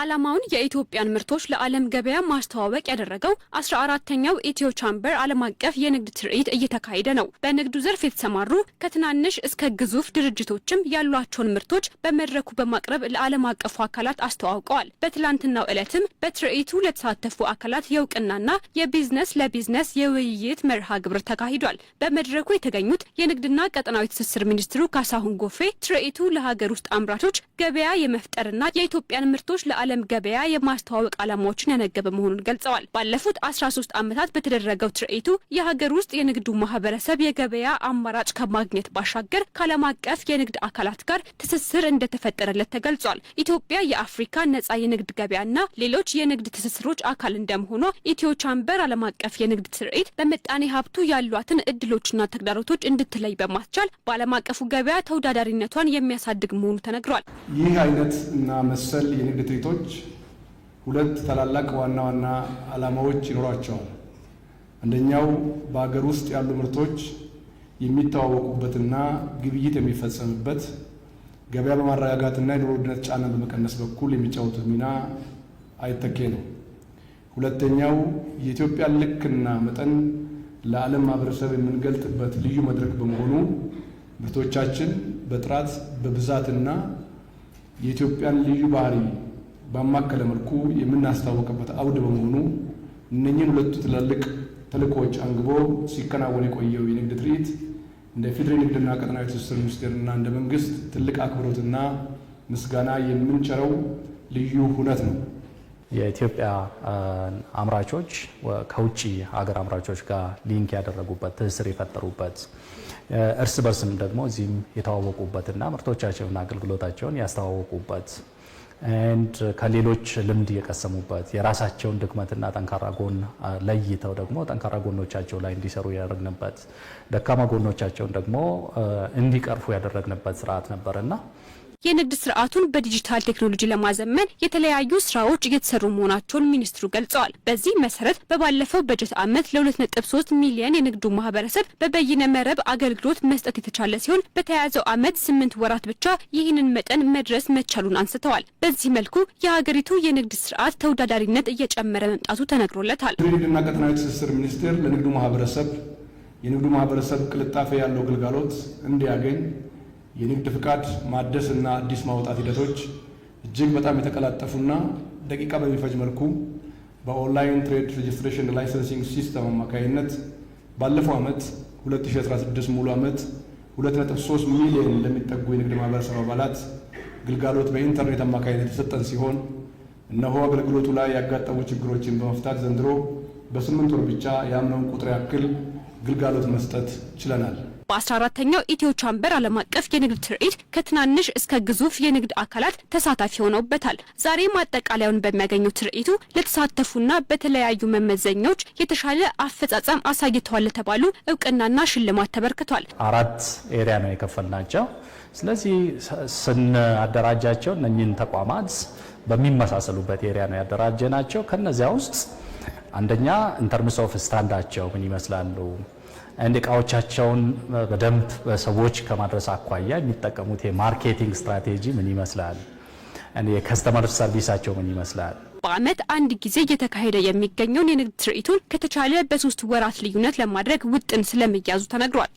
ዓላማውን የኢትዮጵያን ምርቶች ለዓለም ገበያ ማስተዋወቅ ያደረገው አስራ አራተኛው ኢትዮ ቻምበር ዓለም አቀፍ የንግድ ትርኢት እየተካሄደ ነው። በንግዱ ዘርፍ የተሰማሩ ከትናንሽ እስከ ግዙፍ ድርጅቶችም ያሏቸውን ምርቶች በመድረኩ በማቅረብ ለዓለም አቀፉ አካላት አስተዋውቀዋል። በትላንትናው ዕለትም በትርኢቱ ለተሳተፉ አካላት የእውቅናና የቢዝነስ ለቢዝነስ የውይይት መርሃ ግብር ተካሂዷል። በመድረኩ የተገኙት የንግድና ቀጠናዊ ትስስር ሚኒስትሩ ካሳሁን ጎፌ ትርኢቱ ለሀገር ውስጥ አምራቾች ገበያ የመፍጠርና የኢትዮጵያን ምርቶች ለዓለም ገበያ የማስተዋወቅ ዓላማዎችን ያነገበ መሆኑን ገልጸዋል። ባለፉት 13 ዓመታት በተደረገው ትርኢቱ የሀገር ውስጥ የንግዱ ማህበረሰብ የገበያ አማራጭ ከማግኘት ባሻገር ከዓለም አቀፍ የንግድ አካላት ጋር ትስስር እንደተፈጠረለት ተገልጿል። ኢትዮጵያ የአፍሪካ ነጻ የንግድ ገበያና ሌሎች የንግድ ትስስሮች አካል እንደመሆኗ ኢትዮ ቻምበር ዓለም አቀፍ የንግድ ትርኢት በምጣኔ ሀብቱ ያሏትን እድሎችና ተግዳሮቶች እንድትለይ በማስቻል በዓለም አቀፉ ገበያ ተወዳዳሪነቷን የሚያሳድግ መሆኑ ተነግሯል። ይህ አይነት እና መሰል የንግድ ትርኢቶች ፕሮጀክቶች ሁለት ታላላቅ ዋና ዋና ዓላማዎች ይኖሯቸዋል። አንደኛው በአገር ውስጥ ያሉ ምርቶች የሚተዋወቁበትና ግብይት የሚፈጸምበት ገበያ በማረጋጋትና የኑሮ ውድነት ጫና በመቀነስ በኩል የሚጫወቱት ሚና አይተኬ ነው። ሁለተኛው የኢትዮጵያን ልክና መጠን ለዓለም ማህበረሰብ የምንገልጥበት ልዩ መድረክ በመሆኑ ምርቶቻችን በጥራት በብዛትና የኢትዮጵያን ልዩ ባህሪ ባማከለ መልኩ የምናስታወቅበት አውድ በመሆኑ እነኚህን ሁለቱ ትላልቅ ተልእኮዎች አንግቦ ሲከናወን የቆየው የንግድ ትርኢት እንደ ፌዴራል ንግድና ቀጠናዊ ትስስር ሚኒስቴርና እንደ መንግስት ትልቅ አክብሮትና ምስጋና የምንቸረው ልዩ ሁነት ነው። የኢትዮጵያ አምራቾች ከውጭ ሀገር አምራቾች ጋር ሊንክ ያደረጉበት ትስስር የፈጠሩበት እርስ በርስም ደግሞ እዚህም የተዋወቁበትና ምርቶቻቸውና አገልግሎታቸውን ያስተዋወቁበት ኤንድ uh, ከሌሎች ልምድ የቀሰሙበት የራሳቸውን ድክመትና ጠንካራ ጎን uh, ለይተው ደግሞ ጠንካራ ጎኖቻቸው ላይ እንዲሰሩ ያደረግንበት፣ ደካማ ጎኖቻቸውን ደግሞ uh, እንዲቀርፉ ያደረግንበት ስርዓት ነበር ነበርና የንግድ ስርዓቱን በዲጂታል ቴክኖሎጂ ለማዘመን የተለያዩ ስራዎች እየተሰሩ መሆናቸውን ሚኒስትሩ ገልጸዋል። በዚህ መሰረት በባለፈው በጀት ዓመት ለ2.3 ሚሊዮን የንግዱ ማህበረሰብ በበይነ መረብ አገልግሎት መስጠት የተቻለ ሲሆን በተያያዘው ዓመት ስምንት ወራት ብቻ ይህንን መጠን መድረስ መቻሉን አንስተዋል። በዚህ መልኩ የሀገሪቱ የንግድ ስርዓት ተወዳዳሪነት እየጨመረ መምጣቱ ተነግሮለታል። ንግድና ቀጠናዊ ትስስር ሚኒስቴር ለንግዱ ማህበረሰብ የንግዱ ማህበረሰብ ቅልጣፌ ያለው ግልጋሎት እንዲያገኝ የንግድ ፍቃድ ማደስ እና አዲስ ማውጣት ሂደቶች እጅግ በጣም የተቀላጠፉና ደቂቃ በሚፈጅ መልኩ በኦንላይን ትሬድ ሬጅስትሬሽን ላይሰንሲንግ ሲስተም አማካኝነት ባለፈው ዓመት 2016 ሙሉ ዓመት 2.3 ሚሊዮን ለሚጠጉ የንግድ ማህበረሰብ አባላት ግልጋሎት በኢንተርኔት አማካኝነት የተሰጠን ሲሆን እነሆ አገልግሎቱ ላይ ያጋጠሙ ችግሮችን በመፍታት ዘንድሮ በስምንት ወር ብቻ ያምነውን ቁጥር ያክል ግልጋሎት መስጠት ችለናል። በአስራ አራተኛው ኢትዮ ቻምበር ዓለም አቀፍ የንግድ ትርኢት ከትናንሽ እስከ ግዙፍ የንግድ አካላት ተሳታፊ ሆነውበታል። ዛሬ ማጠቃለያውን በሚያገኙት ትርኢቱ ለተሳተፉና በተለያዩ መመዘኛዎች የተሻለ አፈጻጸም አሳይተዋል ለተባሉ እውቅናና ሽልማት ተበርክቷል። አራት ኤሪያ ነው የከፈልናቸው። ስለዚህ ስናደራጃቸው እነኝን ተቋማት በሚመሳሰሉበት ኤሪያ ነው ያደራጀናቸው። ከነዚያ ውስጥ አንደኛ ኢንተርምስ ኦፍ ስታንዳቸው ምን ይመስላሉ እንደ እቃዎቻቸውን በደንብ ሰዎች ከማድረስ አኳያ የሚጠቀሙት የማርኬቲንግ ስትራቴጂ ምን ይመስላል? የከስተመር ሰርቪሳቸው ምን ይመስላል? በዓመት አንድ ጊዜ እየተካሄደ የሚገኘውን የንግድ ትርኢቱን ከተቻለ በሶስት ወራት ልዩነት ለማድረግ ውጥን ስለመያዙ ተነግሯል።